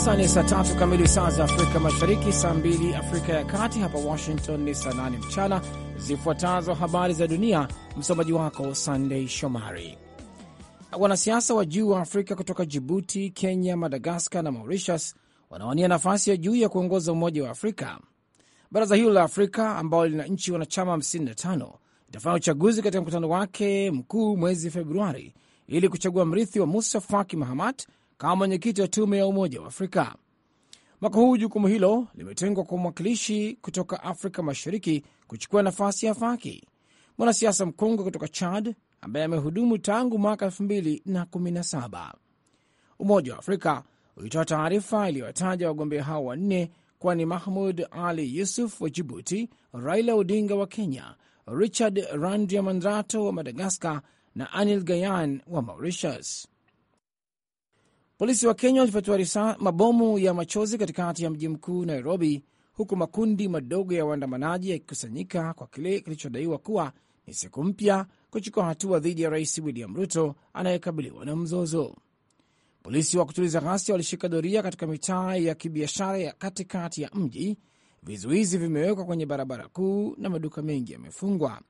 sasa ni saa tatu kamili saa za Afrika Mashariki, saa mbili Afrika ya Kati. Hapa Washington ni saa nane mchana. Zifuatazo habari za dunia, msomaji wako Sandei Shomari. Wanasiasa wa juu wa Afrika kutoka Jibuti, Kenya, Madagaskar na Mauritius wanawania nafasi ya juu ya kuongoza Umoja wa Afrika. Baraza hilo la Afrika ambalo lina nchi wanachama 55 itafanya uchaguzi katika mkutano wake mkuu mwezi Februari ili kuchagua mrithi wa Musa Faki Mahamat kama mwenyekiti wa tume ya Umoja wa Afrika. Mwaka huu jukumu hilo limetengwa kwa mwakilishi kutoka Afrika Mashariki kuchukua nafasi ya Faki, mwanasiasa mkongwe kutoka Chad ambaye amehudumu tangu mwaka 2017. Umoja wa Afrika ulitoa taarifa iliyowataja wagombea hao wanne kuwa ni Mahmud Ali Yusuf wa Jibuti, Raila Odinga wa Kenya, Richard Randriamandrato wa Madagaskar na Anil Gayan wa Mauritius. Polisi wa Kenya walifyatua mabomu ya machozi katikati ya mji mkuu Nairobi, huku makundi madogo ya waandamanaji yakikusanyika kwa kile kilichodaiwa kuwa ni siku mpya kuchukua hatua dhidi ya Rais William Ruto anayekabiliwa na mzozo. Polisi wa kutuliza ghasia walishika doria katika mitaa ya kibiashara ya katikati ya mji. Vizuizi vimewekwa kwenye barabara kuu na maduka mengi yamefungwa,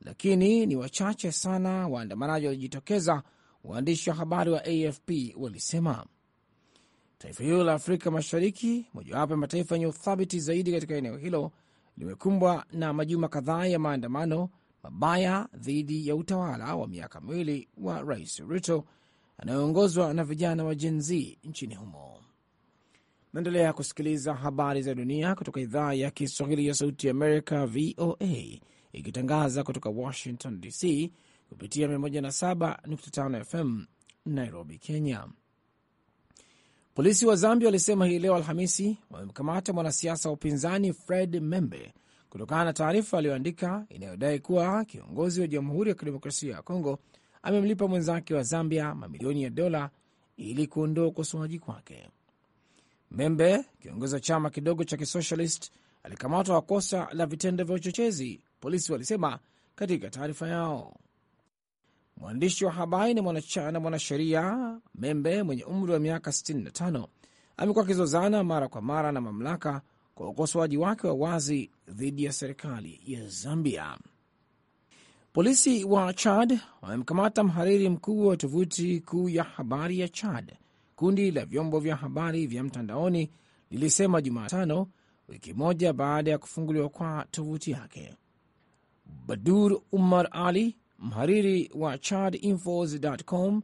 lakini ni wachache sana waandamanaji walijitokeza waandishi wa habari wa AFP walisema taifa hilo la Afrika Mashariki, mojawapo ya mataifa yenye uthabiti zaidi katika eneo hilo, limekumbwa na majuma kadhaa ya maandamano mabaya dhidi ya utawala wa miaka miwili wa Rais Ruto anayoongozwa na vijana wa Gen Z nchini humo. Naendelea kusikiliza habari za dunia kutoka idhaa ya Kiswahili ya Sauti ya Amerika, VOA, ikitangaza kutoka Washington DC kupitia 107.5 FM Nairobi, Kenya. Polisi wa Zambia walisema hii leo Alhamisi wamemkamata mwanasiasa wa upinzani Fred Membe kutokana na taarifa aliyoandika inayodai kuwa kiongozi wa Jamhuri ya Kidemokrasia ya Kongo amemlipa mwenzake wa Zambia mamilioni ya dola ili kuondoa ukosoaji kwake. Membe, kiongozi wa chama kidogo cha kisocialist, alikamatwa kwa kosa la vitendo vya uchochezi, polisi walisema katika taarifa yao. Mwandishi wa habari na mwanasheria Membe mwenye umri wa miaka 65 amekuwa akizozana mara kwa mara na mamlaka kwa ukosoaji wake wa wazi dhidi ya serikali ya Zambia. Polisi wa Chad wamemkamata mhariri mkuu wa tovuti kuu ya habari ya Chad, kundi la vyombo vya habari vya mtandaoni lilisema Jumatano, wiki moja baada ya kufunguliwa kwa tovuti yake. Badur Umar Ali Mhariri wa Chadinfos.com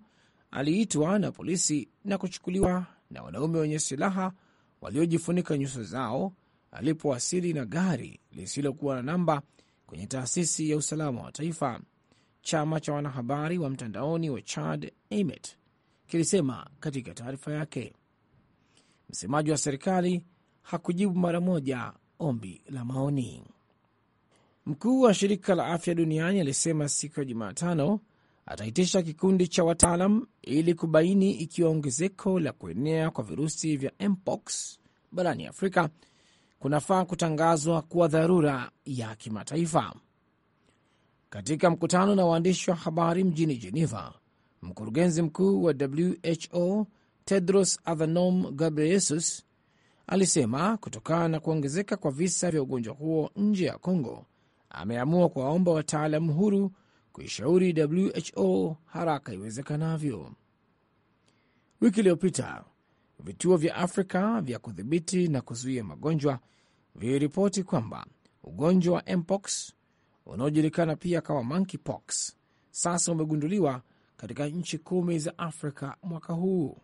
aliitwa na polisi na kuchukuliwa na wanaume wenye silaha waliojifunika nyuso zao alipowasili na gari lisilokuwa na namba kwenye taasisi ya usalama wa taifa. Chama cha wanahabari wa mtandaoni wa Chad AMET kilisema katika taarifa yake. Msemaji wa serikali hakujibu mara moja ombi la maoni. Mkuu wa shirika la afya duniani alisema siku ya Jumatano ataitisha kikundi cha wataalam ili kubaini ikiwa ongezeko la kuenea kwa virusi vya mpox barani Afrika kunafaa kutangazwa kuwa dharura ya kimataifa. Katika mkutano na waandishi wa habari mjini Geneva, mkurugenzi mkuu wa WHO Tedros Adhanom Ghebreyesus alisema kutokana na kuongezeka kwa visa vya ugonjwa huo nje ya congo ameamua kuwaomba wataalam huru kuishauri WHO haraka iwezekanavyo. Wiki iliyopita vituo vya Afrika vya kudhibiti na kuzuia magonjwa viliripoti kwamba ugonjwa wa mpox unaojulikana pia kama monkeypox sasa umegunduliwa katika nchi kumi za Afrika mwaka huu,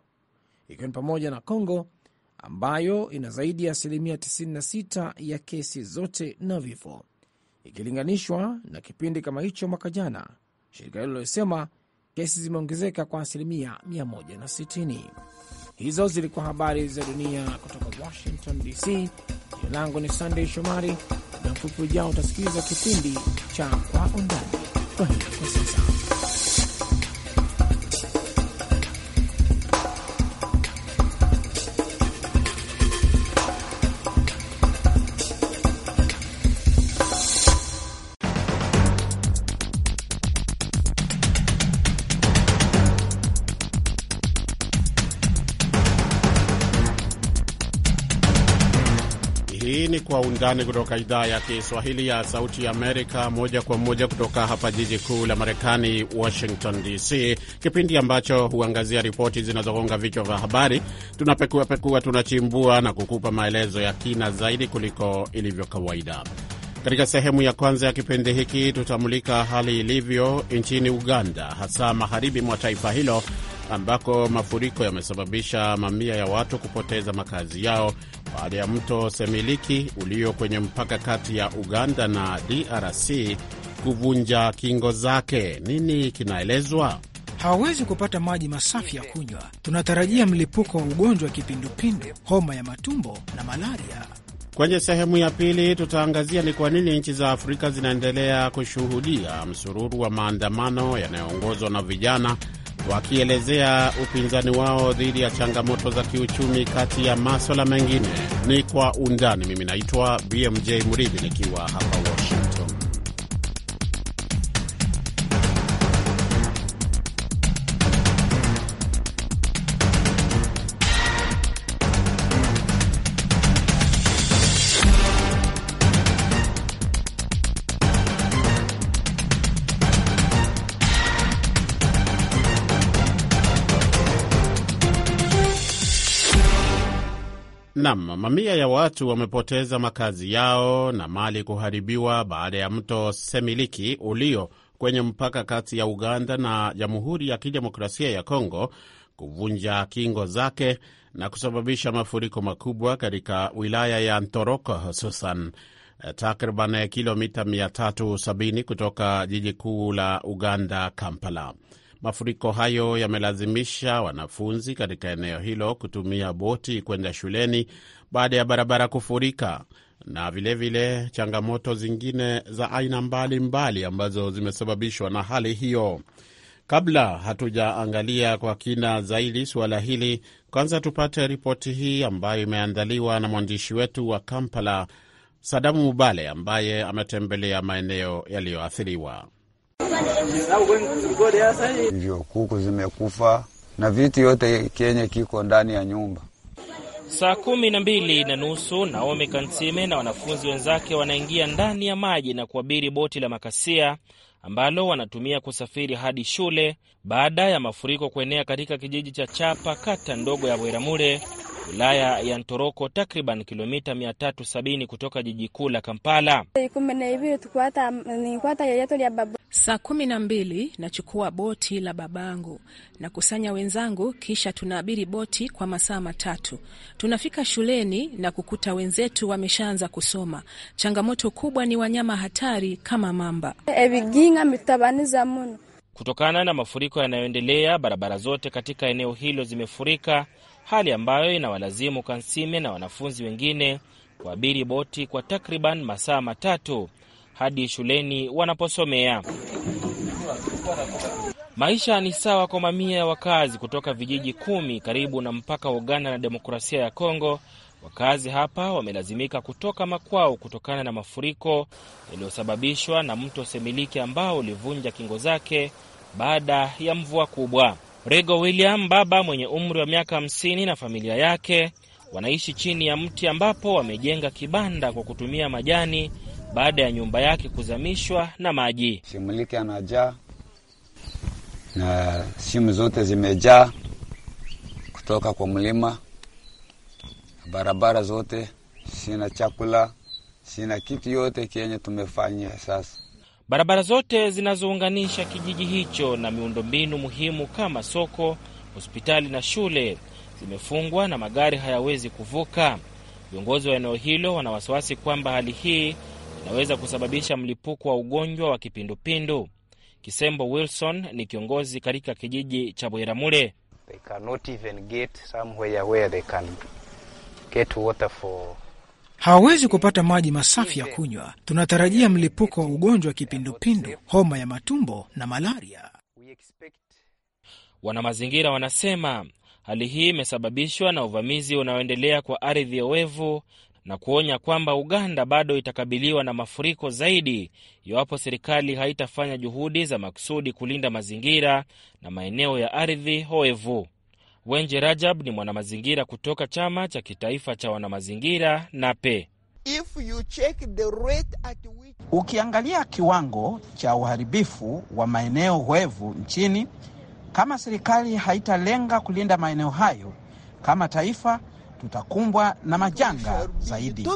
ikiwa ni pamoja na Congo ambayo ina zaidi ya asilimia 96 ya kesi zote na vifo ikilinganishwa na kipindi kama hicho mwaka jana. Shirika hilo lilisema kesi zimeongezeka kwa asilimia 160. Hizo zilikuwa habari za dunia kutoka Washington DC. Jina langu ni Sandey Shomari, na mfupi ujao utasikiliza kipindi cha Kwa Undani. Kwa hiyo kwa sasa undani kutoka idhaa ya Kiswahili ya Sauti ya Amerika, moja kwa moja kutoka hapa jiji kuu la Marekani, Washington DC, kipindi ambacho huangazia ripoti zinazogonga vichwa vya habari. Tunapekuapekua, tunachimbua na kukupa maelezo ya kina zaidi kuliko ilivyo kawaida. Katika sehemu ya kwanza ya kipindi hiki tutamulika hali ilivyo nchini Uganda, hasa magharibi mwa taifa hilo ambako mafuriko yamesababisha mamia ya watu kupoteza makazi yao baada ya mto Semiliki ulio kwenye mpaka kati ya Uganda na DRC kuvunja kingo zake. Nini kinaelezwa? Hawawezi kupata maji masafi ya kunywa. Tunatarajia mlipuko wa ugonjwa wa kipindupindu, homa ya matumbo na malaria. Kwenye sehemu ya pili tutaangazia ni kwa nini nchi za Afrika zinaendelea kushuhudia msururu wa maandamano yanayoongozwa na vijana wakielezea upinzani wao dhidi ya changamoto za kiuchumi kati ya maswala mengine. Ni kwa undani. Mimi naitwa BMJ Muridhi nikiwa hapa Washington. Nam, mamia ya watu wamepoteza makazi yao na mali kuharibiwa baada ya mto Semiliki ulio kwenye mpaka kati ya Uganda na Jamhuri ya Kidemokrasia ya Kongo kuvunja kingo zake na kusababisha mafuriko makubwa katika wilaya ya Ntoroko hususan eh, takriban kilomita 370 kutoka jiji kuu la Uganda, Kampala. Mafuriko hayo yamelazimisha wanafunzi katika eneo hilo kutumia boti kwenda shuleni baada ya barabara kufurika na vilevile vile changamoto zingine za aina mbalimbali mbali ambazo zimesababishwa na hali hiyo. Kabla hatujaangalia kwa kina zaidi suala hili, kwanza tupate ripoti hii ambayo imeandaliwa na mwandishi wetu wa Kampala, Sadamu Mubale, ambaye ametembelea maeneo yaliyoathiriwa hivyo kuku zimekufa na vitu yote kenye kiko ndani ya nyumba. Saa kumi na mbili na nusu Naomi Kansime na wanafunzi wenzake wanaingia ndani ya maji na kuabiri boti la makasia ambalo wanatumia kusafiri hadi shule baada ya mafuriko kuenea katika kijiji cha Chapa, kata ndogo ya Bweramure, wilaya ya Ntoroko, takriban kilomita 370 kutoka jiji kuu la Kampala. Saa kumi na mbili nachukua boti la babangu na kusanya wenzangu, kisha tunaabiri boti kwa masaa matatu. Tunafika shuleni na kukuta wenzetu wameshaanza kusoma. Changamoto kubwa ni wanyama hatari kama mamba. Kutokana na mafuriko yanayoendelea, barabara zote katika eneo hilo zimefurika, hali ambayo inawalazimu Kansime na wanafunzi wengine kuabiri boti kwa takriban masaa matatu hadi shuleni wanaposomea. Maisha ni sawa kwa mamia ya wakazi kutoka vijiji kumi karibu na mpaka wa Uganda na Demokrasia ya Kongo Wakazi hapa wamelazimika kutoka makwao kutokana na mafuriko yaliyosababishwa na mto Semiliki ambao ulivunja kingo zake baada ya mvua kubwa. Rego William, baba mwenye umri wa miaka hamsini, na familia yake wanaishi chini ya mti ambapo wamejenga kibanda kwa kutumia majani baada ya nyumba yake kuzamishwa na maji. Semiliki anajaa na simu zote zimejaa kutoka kwa mlima barabara zote, sina chakula, sina kitu yote kenye tumefanya sasa. Barabara zote zinazounganisha kijiji hicho na miundombinu muhimu kama soko, hospitali na shule zimefungwa na magari hayawezi kuvuka. Viongozi wa eneo hilo wana wasiwasi kwamba hali hii inaweza kusababisha mlipuko wa ugonjwa wa kipindupindu. Kisembo Wilson ni kiongozi katika kijiji cha Bweramule hawawezi kupata maji masafi ya kunywa. Tunatarajia mlipuko wa ugonjwa wa kipindupindu, homa ya matumbo na malaria. Wanamazingira wanasema hali hii imesababishwa na uvamizi unaoendelea kwa ardhi oevu na kuonya kwamba Uganda bado itakabiliwa na mafuriko zaidi iwapo serikali haitafanya juhudi za makusudi kulinda mazingira na maeneo ya ardhi oevu. Wenje Rajab ni mwanamazingira kutoka chama cha kitaifa cha wanamazingira NAPE. If you check the rate at which... ukiangalia kiwango cha uharibifu wa maeneo hwevu nchini, kama serikali haitalenga kulinda maeneo hayo, kama taifa tutakumbwa na majanga zaidi.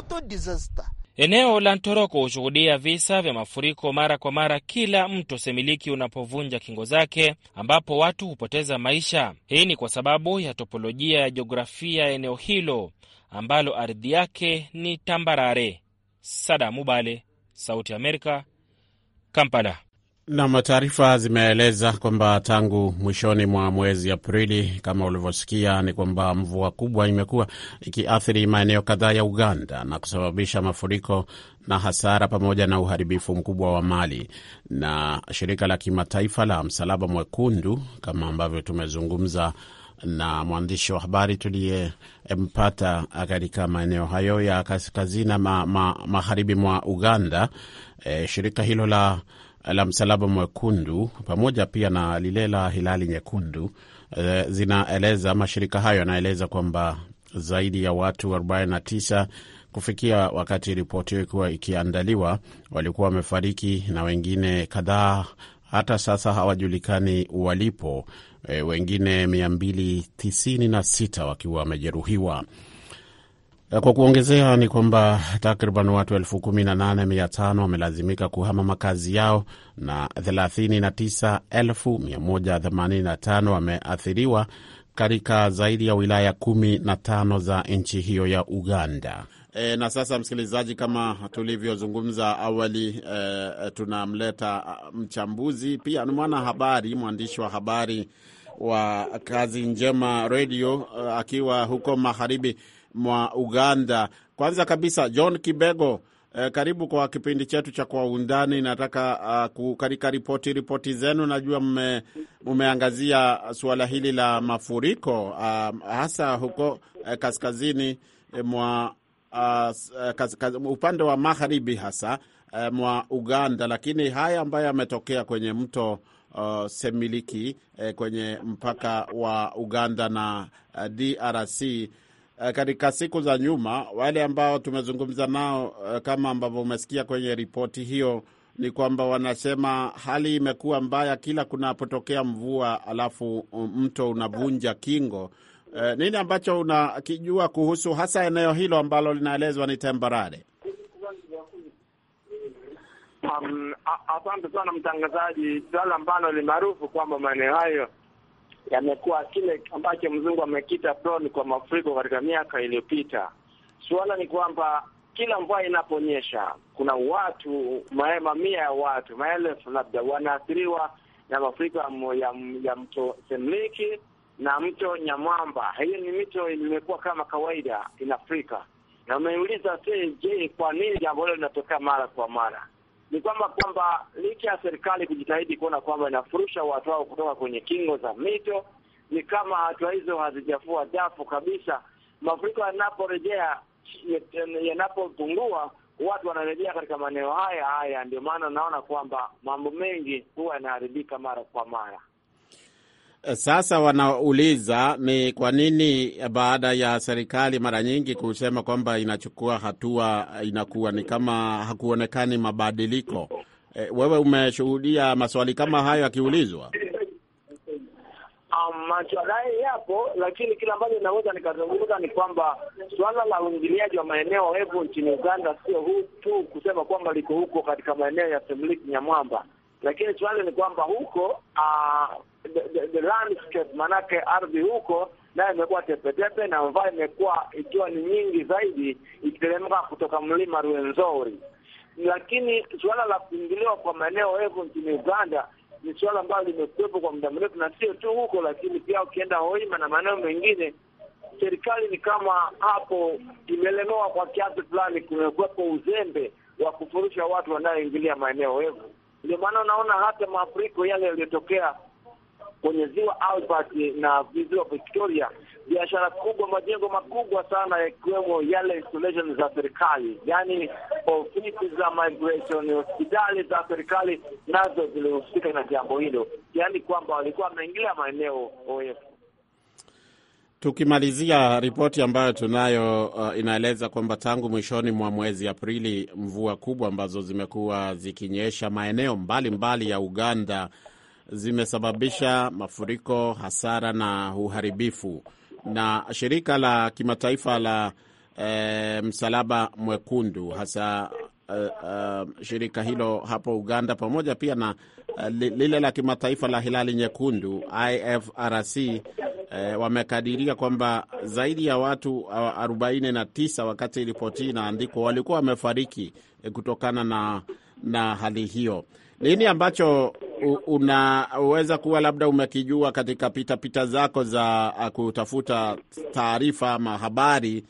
Eneo la Ntoroko hushuhudia visa vya mafuriko mara kwa mara kila mto Semiliki unapovunja kingo zake, ambapo watu hupoteza maisha. Hii ni kwa sababu ya topolojia ya jiografia ya eneo hilo ambalo ardhi yake ni tambarare. Sada Mubale, Sauti ya Amerika, Kampala. Nam, taarifa zimeeleza kwamba tangu mwishoni mwa mwezi Aprili, kama ulivyosikia, ni kwamba mvua kubwa imekuwa ikiathiri maeneo kadhaa ya Uganda na kusababisha mafuriko na hasara pamoja na uharibifu mkubwa wa mali. Na shirika la kimataifa la Msalaba Mwekundu, kama ambavyo tumezungumza na mwandishi wa habari tuliyempata katika maeneo hayo ya kaskazini na ma, ma, magharibi mwa Uganda, e, shirika hilo la la Msalaba Mwekundu pamoja pia na lile la Hilali Nyekundu e, zinaeleza mashirika hayo yanaeleza kwamba zaidi ya watu 49 kufikia wakati ripoti hiyo ikiwa ikiandaliwa walikuwa wamefariki na wengine kadhaa hata sasa hawajulikani walipo, e, wengine 296 wakiwa wamejeruhiwa. Eh, kwa kuongezea ni kwamba takriban watu elfu kumi na nane mia tano wamelazimika kuhama makazi yao na 39,185 wameathiriwa katika zaidi ya wilaya 15 za nchi hiyo ya Uganda. E, na sasa msikilizaji, kama tulivyozungumza awali e, tunamleta ah, mchambuzi pia ni mwana habari, mwandishi wa habari wa Kazi Njema Radio akiwa huko magharibi mwa Uganda. Kwanza kabisa, John Kibego, eh, karibu kwa kipindi chetu cha Kwa Undani. Nataka uh, katika ripoti ripoti zenu najua mme, mmeangazia suala hili la mafuriko uh, hasa huko eh, kaskazini eh, mwa uh, kas, kas, upande wa magharibi hasa eh, mwa Uganda, lakini haya ambayo yametokea kwenye mto Uh, Semiliki eh, kwenye mpaka wa Uganda na uh, eh, DRC Eh, katika siku za nyuma, wale ambao tumezungumza nao, eh, kama ambavyo umesikia kwenye ripoti hiyo, ni kwamba wanasema hali imekuwa mbaya kila kunapotokea mvua, alafu um, mto unavunja kingo. E, nini ambacho unakijua kuhusu hasa eneo hilo ambalo linaelezwa ni tambarare? Um, asante sana mtangazaji. Swala ambalo ni maarufu kwamba maeneo hayo yamekuwa kile ambacho mzungu amekita prone kwa mafuriko katika miaka iliyopita. Suala ni kwamba kila mvua inaponyesha, kuna watu mamia ya watu, maelfu labda, wanaathiriwa na mafuriko ya, ya mto Semliki na mto Nyamwamba. Hiyo ni mito imekuwa kama kawaida Afrika, na umeuliza je, kwa nini jambo hilo linatokea mara kwa mara? ni kwamba kwamba licha ya serikali kujitahidi kuona kwamba inafurusha watu hao kutoka kwenye kingo za mito, ni kama hatua hizo hazijafua dafu kabisa. Mafuriko yanaporejea yanapopungua, watu wanarejea katika maeneo haya haya. Ndio maana naona kwamba mambo mengi huwa yanaharibika mara kwa mara. Sasa wanauliza ni kwa nini baada ya serikali mara nyingi kusema kwamba inachukua hatua inakuwa ni kama hakuonekani mabadiliko. E, wewe umeshuhudia maswali kama hayo yakiulizwa? Um, maswali um, yapo, lakini kila ambacho inaweza nikazungumza ni kwamba suala la uingiliaji wa maeneo hevu nchini Uganda sio hu tu kusema kwamba liko huko katika maeneo ya Semliki Nyamwamba, lakini swali ni kwamba huko uh, the, the landscape manake ardhi huko nayo imekuwa tepetepe na mvua imekuwa ikiwa ni nyingi zaidi ikiteremka kutoka mlima Ruwenzori. Lakini suala la kuingiliwa kwa maeneo hevu nchini Uganda ni suala ambalo limekuwepo kwa muda mrefu, na sio tu huko, lakini pia ukienda Hoima na maeneo mengine, serikali ni kama hapo imelemewa kwa kiasi fulani. Kumekuwepo uzembe wa kufurusha watu wanaoingilia maeneo hevu, ndio maana unaona hata maafuriko yale yaliyotokea kwenye ziwa Albert na ziwa Victoria, biashara kubwa, majengo makubwa sana yakiwemo yale installation za serikali, yaani ofisi za migration, hospitali za serikali nazo zilihusika na jambo hilo, yaani kwamba walikuwa wameingilia maeneo oefu. Tukimalizia ripoti ambayo tunayo uh, inaeleza kwamba tangu mwishoni mwa mwezi Aprili mvua kubwa ambazo zimekuwa zikinyesha maeneo mbalimbali mbali ya Uganda zimesababisha mafuriko, hasara na uharibifu. Na shirika la kimataifa la e, Msalaba Mwekundu hasa e, e, shirika hilo hapo Uganda pamoja pia na e, lile la kimataifa la Hilali Nyekundu IFRC e, wamekadiria kwamba zaidi ya watu 49 ah, wakati ripoti inaandikwa walikuwa wamefariki kutokana na, na hali hiyo. Nini ambacho unaweza kuwa labda umekijua katika pitapita zako za ah, kutafuta taarifa ama habari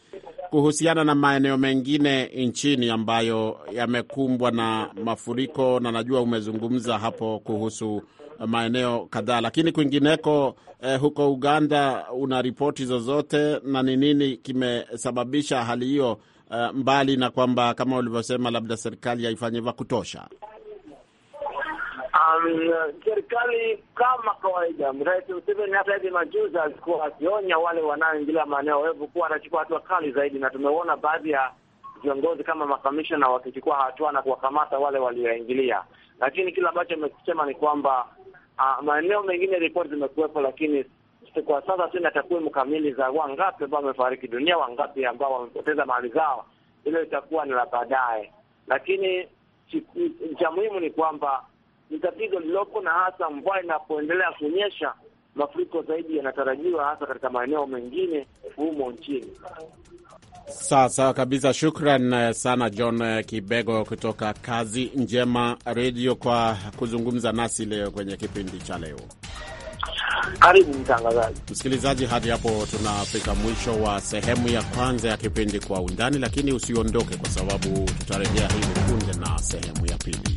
kuhusiana na maeneo mengine nchini ambayo yamekumbwa na mafuriko, na najua umezungumza hapo kuhusu maeneo kadhaa, lakini kwingineko eh, huko Uganda una ripoti zozote, na ni nini kimesababisha hali hiyo, eh, mbali na kwamba kama ulivyosema labda serikali haifanyi vya kutosha? Um, serikali um, kama kawaida, Rais Museveni hata hivi majuzi alikuwa akionya wale wanaoingilia maeneo wevu kuwa anachukua hatua kali zaidi, na tumeona baadhi ya viongozi kama makamishna wakichukua hatua na kuwakamata wale walioingilia, lakini kile ambacho amekisema ni kwamba uh, maeneo mengine ripoti zimekuwepo, lakini kwa sasa sina takwimu kamili za wangapi ambao wamefariki dunia, wangapi ambao wamepoteza mali zao. Hilo itakuwa ni la baadaye, lakini cha muhimu ni kwamba ni tatizo lililopo, na hasa mvua inapoendelea kunyesha, mafuriko zaidi yanatarajiwa hasa katika maeneo mengine humo nchini. Sawa sawa kabisa, shukran eh, sana John eh, Kibego kutoka Kazi Njema Redio kwa kuzungumza nasi leo kwenye kipindi cha leo. Karibu mtangazaji. Msikilizaji, hadi hapo tunafika mwisho wa sehemu ya kwanza ya kipindi Kwa Undani, lakini usiondoke, kwa sababu tutarejea hivi punde na sehemu ya pili.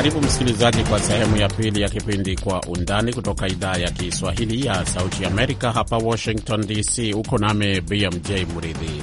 Karibu msikilizaji, kwa sehemu ya pili ya kipindi Kwa Undani kutoka idhaa ya Kiswahili ya Sauti Amerika, hapa Washington DC. Uko nami BMJ Muridhi.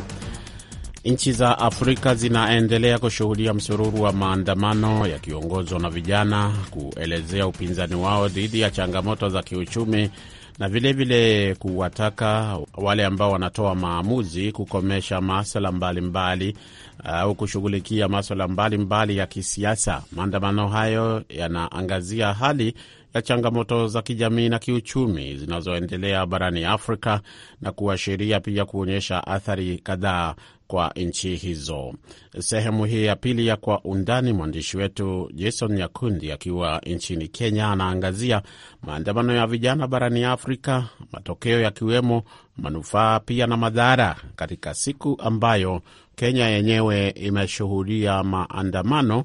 Nchi za Afrika zinaendelea kushuhudia msururu wa maandamano yakiongozwa na vijana kuelezea upinzani wao dhidi ya changamoto za kiuchumi na vilevile kuwataka wale ambao wanatoa maamuzi kukomesha maswala mbalimbali uh, au uh, kushughulikia maswala mbalimbali ya kisiasa. Maandamano hayo yanaangazia hali ya changamoto za kijamii na kiuchumi zinazoendelea barani Afrika na kuashiria pia kuonyesha athari kadhaa kwa nchi hizo. Sehemu hii ya pili ya Kwa Undani, mwandishi wetu Jason Nyakundi akiwa nchini Kenya anaangazia maandamano ya vijana barani Afrika, matokeo yakiwemo manufaa pia na madhara, katika siku ambayo Kenya yenyewe imeshuhudia maandamano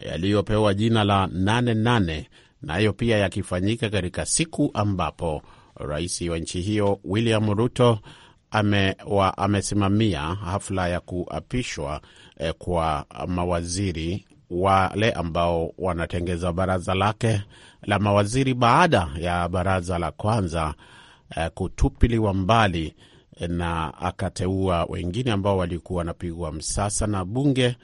yaliyopewa jina la nane nane, nayo pia yakifanyika katika siku ambapo rais wa nchi hiyo William Ruto ame wa, amesimamia hafla ya kuapishwa eh, kwa mawaziri wale ambao wanatengeza baraza lake la mawaziri baada ya baraza la kwanza eh, kutupiliwa mbali eh, na akateua wengine ambao walikuwa wanapigwa msasa na bunge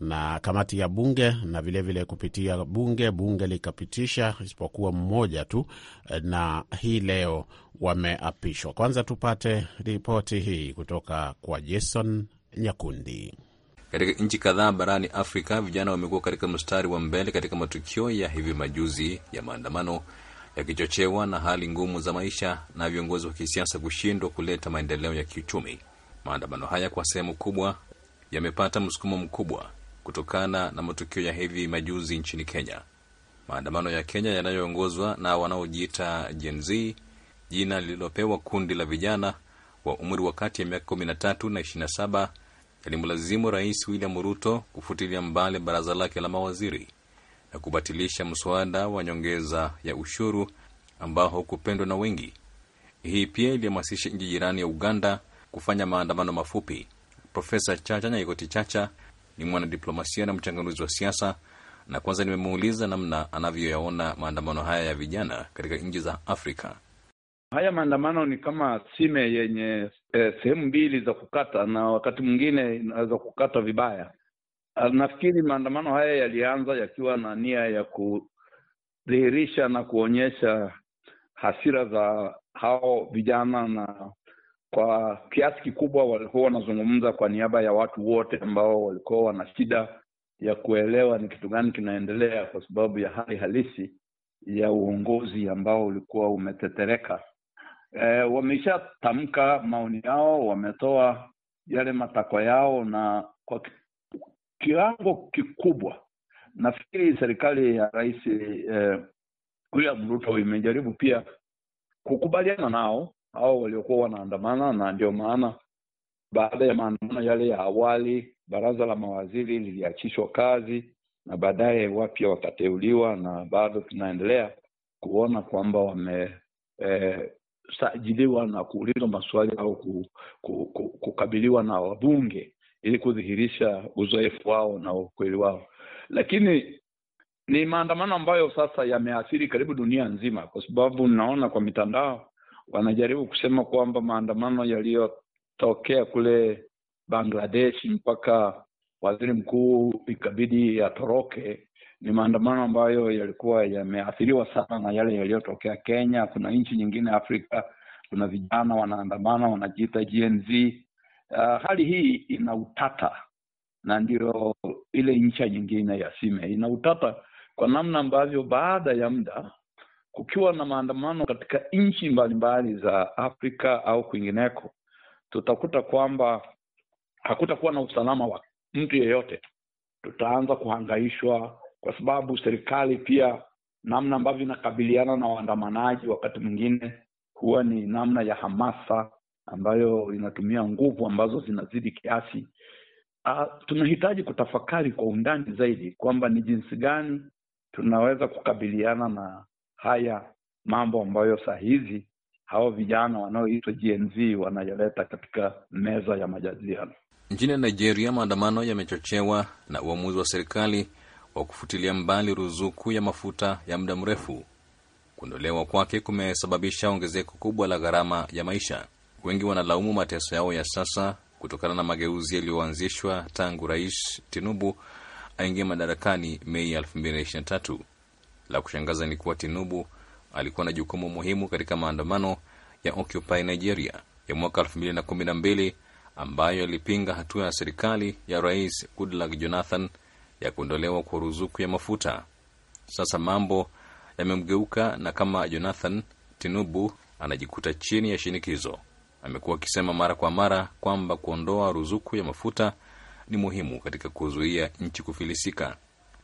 na kamati ya bunge na vilevile vile kupitia bunge bunge likapitisha isipokuwa mmoja tu, eh, na hii leo wameapishwa. Kwanza tupate ripoti hii kutoka kwa Jason Nyakundi. Katika nchi kadhaa barani Afrika, vijana wamekuwa katika mstari wa mbele katika matukio ya hivi majuzi ya maandamano yakichochewa na hali ngumu za maisha na viongozi wa kisiasa kushindwa kuleta maendeleo ya kiuchumi. Maandamano haya kwa sehemu kubwa yamepata msukumo mkubwa kutokana na matukio ya hivi majuzi nchini Kenya. Maandamano ya Kenya yanayoongozwa na wanaojiita Gen Z jina lililopewa kundi la vijana wa umri wa kati ya miaka 13 na 27 yalimlazimu Rais William Ruto kufutilia mbali baraza lake la mawaziri na kubatilisha mswada wa nyongeza ya ushuru ambao haukupendwa na wengi. Hii pia ilihamasisha nchi jirani ya Uganda kufanya maandamano mafupi. Profesa Chacha Nyaigoti Chacha ni mwanadiplomasia na mchanganuzi wa siasa, na kwanza nimemuuliza namna anavyoyaona maandamano haya ya vijana katika nchi za Afrika haya maandamano ni kama sime yenye e, sehemu mbili za kukata na wakati mwingine inaweza kukata vibaya. Ah, nafikiri maandamano haya yalianza yakiwa na nia ya kudhihirisha na kuonyesha hasira za hao vijana, na kwa kiasi kikubwa walikuwa wanazungumza kwa niaba ya watu wote ambao walikuwa wana shida ya kuelewa ni kitu gani kinaendelea, kwa sababu ya hali halisi ya uongozi ambao ulikuwa umetetereka e, wameshatamka maoni yao, wametoa yale matakwa yao, na kwa kiwango kikubwa nafikiri serikali ya Rais eh, William Ruto imejaribu pia kukubaliana nao au waliokuwa wanaandamana, na ndio maana baada ya maandamano yale ya awali baraza la mawaziri liliachishwa kazi na baadaye wapya wakateuliwa, na bado tunaendelea kuona kwamba wame eh, sajiliwa na kuulizwa maswali au kukabiliwa na wabunge ili kudhihirisha uzoefu wao na ukweli wao, lakini ni maandamano ambayo sasa yameathiri karibu dunia nzima, kwa sababu naona kwa mitandao wanajaribu kusema kwamba maandamano yaliyotokea kule Bangladesh mpaka waziri mkuu ikabidi atoroke ni maandamano ambayo yalikuwa yameathiriwa sana na yale yaliyotokea Kenya. Kuna nchi nyingine Afrika, kuna vijana wanaandamana wanajiita Gen Z. Uh, hali hii ina utata na ndio ile ncha nyingine ya sime ina utata kwa namna ambavyo baada ya muda kukiwa na maandamano katika nchi mbalimbali za Afrika au kwingineko, tutakuta kwamba hakutakuwa na usalama wa mtu yeyote. Tutaanza kuhangaishwa kwa sababu serikali pia namna ambavyo inakabiliana na waandamanaji wakati mwingine huwa ni namna ya hamasa ambayo inatumia nguvu ambazo zinazidi kiasi. Uh, tunahitaji kutafakari kwa undani zaidi kwamba ni jinsi gani tunaweza kukabiliana na haya mambo ambayo saa hizi hawa vijana wanaoitwa Gen Z wanayaleta katika meza ya majadiliano. Nchini Nigeria, maandamano yamechochewa na uamuzi wa serikali wa kufutilia mbali ruzuku ya mafuta ya muda mrefu. Kuondolewa kwake kumesababisha ongezeko kubwa la gharama ya maisha. Wengi wanalaumu mateso yao ya sasa kutokana na mageuzi yaliyoanzishwa tangu Rais Tinubu aingia madarakani Mei 2023. La kushangaza ni kuwa Tinubu alikuwa na jukumu muhimu katika maandamano ya Occupy Nigeria ya mwaka 2012 ambayo yalipinga hatua ya serikali ya Rais Goodluck Jonathan ya kuondolewa kwa ruzuku ya mafuta. Sasa mambo yamemgeuka, na kama Jonathan Tinubu anajikuta chini ya shinikizo. Amekuwa akisema mara kwa mara kwamba kuondoa ruzuku ya mafuta ni muhimu katika kuzuia nchi kufilisika.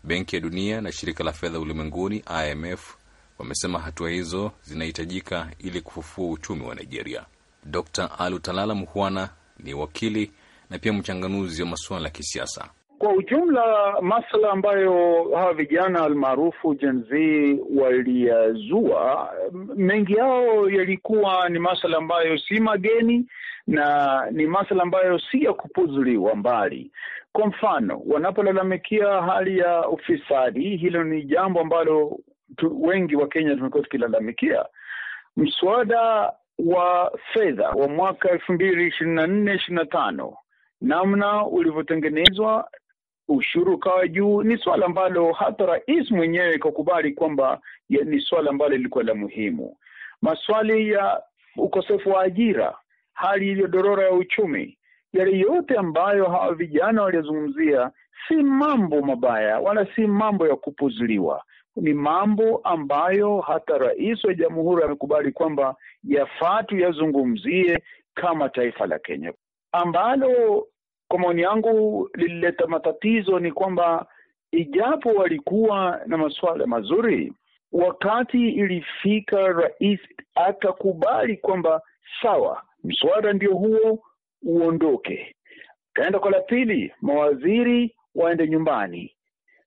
Benki ya Dunia na shirika la fedha ulimwenguni IMF wamesema hatua hizo zinahitajika ili kufufua uchumi wa Nigeria. Dr Alutalala Muhwana ni wakili na pia mchanganuzi wa masuala ya kisiasa. Kwa ujumla, masala ambayo hawa vijana almaarufu Gen Z waliyazua, mengi yao yalikuwa ni masala ambayo si mageni na ni masala ambayo si ya kupuzuliwa mbali. Kwa mfano, wanapolalamikia hali ya ufisadi, hilo ni jambo ambalo wengi wa Kenya tumekuwa tukilalamikia. Mswada wa fedha wa mwaka elfu mbili ishirini na nne ishirini na tano namna ulivyotengenezwa ushuru ukawa juu, ni swala ambalo hata rais mwenyewe ikakubali kwamba ni swala ambalo lilikuwa la muhimu. Maswali ya ukosefu wa ajira, hali dorora ya uchumi, yale yote ambayo hawa vijana waliyozungumzia si mambo mabaya wala si mambo ya kupuzuliwa ni mambo ambayo hata rais wa jamhuri amekubali kwamba yafaa tuyazungumzie kama taifa la Kenya, ambalo kwa maoni yangu lilileta matatizo ni kwamba ijapo walikuwa na masuala mazuri, wakati ilifika rais akakubali kwamba sawa, mswada ndio huo uondoke. Akaenda kwa la pili, mawaziri waende nyumbani.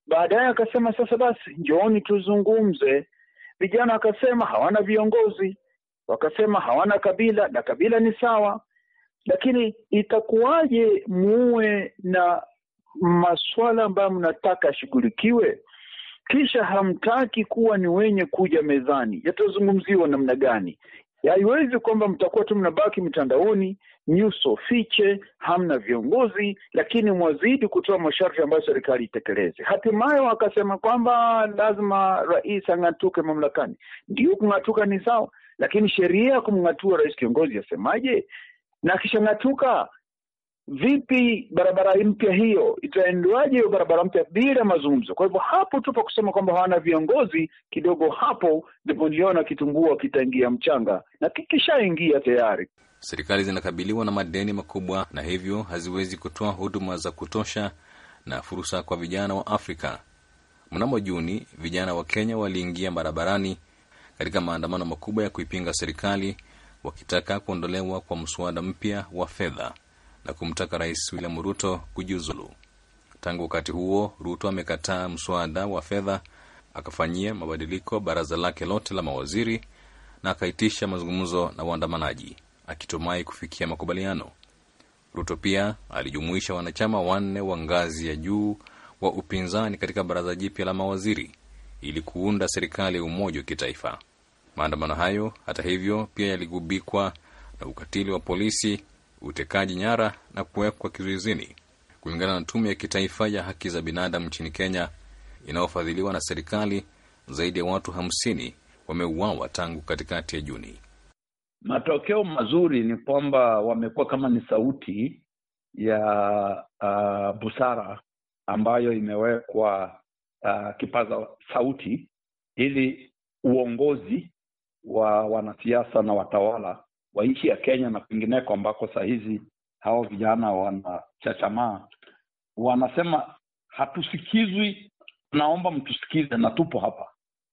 Baadaye akasema sasa basi, njooni tuzungumze. Vijana wakasema hawana viongozi, wakasema hawana kabila, na kabila ni sawa lakini itakuwaje muwe na maswala ambayo mnataka ashughulikiwe kisha hamtaki kuwa ni wenye kuja mezani yatazungumziwa namna gani haiwezi kwamba mtakuwa tu mnabaki mitandaoni nyuso fiche hamna viongozi lakini mwazidi kutoa masharti ambayo serikali itekeleze hatimaye wakasema kwamba lazima rais ang'atuke mamlakani ndio kung'atuka ni sawa lakini sheria ya kumng'atua rais kiongozi yasemaje na kisha vipi barabara mpya hiyo itaendwaje? Hiyo barabara mpya bila mazungumzo. Kwa hivyo hapo tu pa kusema kwamba hawana viongozi kidogo, hapo ndipo niliona kitumbua kitaingia mchanga, na kikishaingia tayari. Serikali zinakabiliwa na madeni makubwa, na hivyo haziwezi kutoa huduma za kutosha na fursa kwa vijana wa Afrika. Mnamo Juni, vijana wa Kenya waliingia barabarani katika maandamano makubwa ya kuipinga serikali wakitaka kuondolewa kwa mswada mpya wa fedha na kumtaka Rais William Ruto kujiuzulu. Tangu wakati huo, Ruto amekataa mswada wa fedha, akafanyia mabadiliko baraza lake lote la mawaziri na akaitisha mazungumzo na waandamanaji akitumai kufikia makubaliano. Ruto pia alijumuisha wanachama wanne wa ngazi ya juu wa upinzani katika baraza jipya la mawaziri ili kuunda serikali ya umoja wa kitaifa. Maandamano hayo hata hivyo pia yaligubikwa na ukatili wa polisi, utekaji nyara na kuwekwa kizuizini. Kulingana na Tume ya Kitaifa ya Haki za Binadamu nchini Kenya inayofadhiliwa na serikali, zaidi ya watu hamsini wameuawa tangu katikati ya Juni. Matokeo mazuri ni kwamba wamekuwa kama ni sauti ya uh, busara ambayo imewekwa uh, kipaza sauti ili uongozi wa wanasiasa na watawala wa nchi ya Kenya na kwingineko ambako saa hizi hao vijana wanachachamaa, wanasema hatusikizwi, naomba mtusikize, na tupo hapa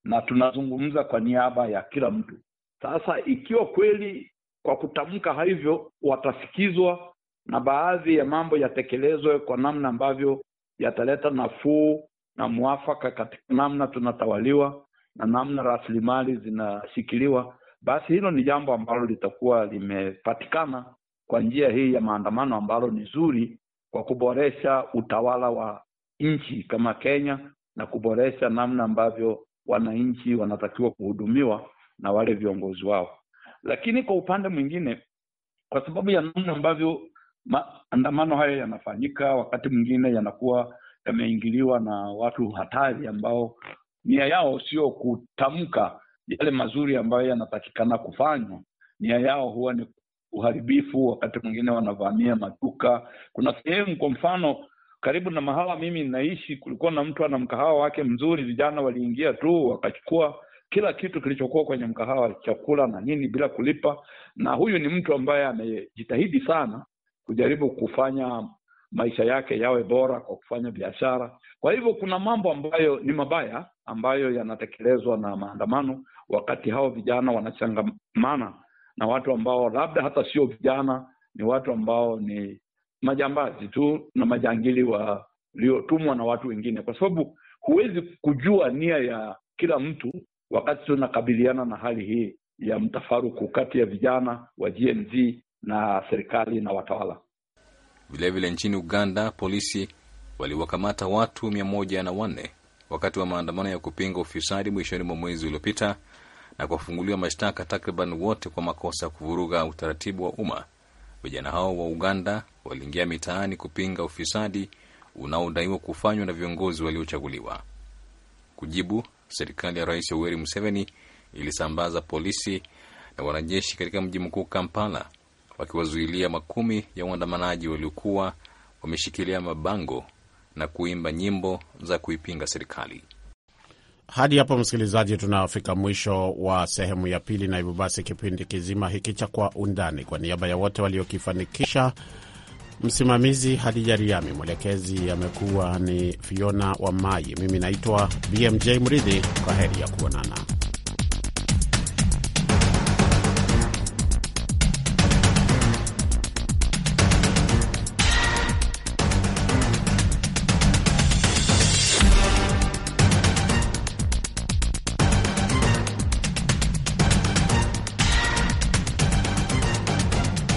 na tunazungumza kwa niaba ya kila mtu. Sasa ikiwa kweli kwa kutamka hivyo watasikizwa na baadhi ya mambo yatekelezwe kwa namna ambavyo yataleta nafuu na mwafaka katika namna tunatawaliwa na namna rasilimali zinashikiliwa, basi hilo ni jambo ambalo litakuwa limepatikana kwa njia hii ya maandamano, ambalo ni zuri kwa kuboresha utawala wa nchi kama Kenya na kuboresha namna ambavyo wananchi wanatakiwa kuhudumiwa na wale viongozi wao. Lakini kwa upande mwingine, kwa sababu ya namna ambavyo maandamano hayo yanafanyika, wakati mwingine yanakuwa yameingiliwa na watu hatari ambao nia yao sio kutamka yale mazuri ambayo yanatakikana kufanywa. Nia yao huwa ni uharibifu, wakati mwingine wanavamia maduka. Kuna sehemu, kwa mfano, karibu na mahala mimi ninaishi, kulikuwa na mtu ana mkahawa wake mzuri, vijana waliingia tu wakachukua kila kitu kilichokuwa kwenye mkahawa, chakula na nini, bila kulipa. Na huyu ni mtu ambaye amejitahidi sana kujaribu kufanya maisha yake yawe bora kwa kufanya biashara. Kwa hivyo kuna mambo ambayo ni mabaya ambayo yanatekelezwa na maandamano, wakati hao vijana wanachangamana na watu ambao labda hata sio vijana, ni watu ambao ni majambazi tu na majangili waliotumwa na watu wengine, kwa sababu huwezi kujua nia ya kila mtu wakati tunakabiliana na hali hii ya mtafaruku kati ya vijana wa Gen Z na serikali na watawala. Vilevile vile nchini Uganda, polisi waliwakamata watu mia moja na wanne wakati wa maandamano ya kupinga ufisadi mwishoni mwa mwezi uliopita na kuwafunguliwa mashtaka takriban wote kwa makosa ya kuvuruga utaratibu wa umma. Vijana hao wa Uganda waliingia mitaani kupinga ufisadi unaodaiwa kufanywa na viongozi waliochaguliwa. Kujibu, serikali ya Rais Yoweri Museveni ilisambaza polisi na wanajeshi katika mji mkuu Kampala wakiwazuilia makumi ya waandamanaji waliokuwa wameshikilia mabango na kuimba nyimbo za kuipinga serikali. Hadi hapo msikilizaji, tunafika mwisho wa sehemu ya pili, na hivyo basi kipindi kizima hiki cha Kwa Undani, kwa niaba ya wote waliokifanikisha, msimamizi Hadija Riami, mwelekezi amekuwa ni Fiona wa mai mimi naitwa BMJ Mridhi. Kwa heri ya kuonana.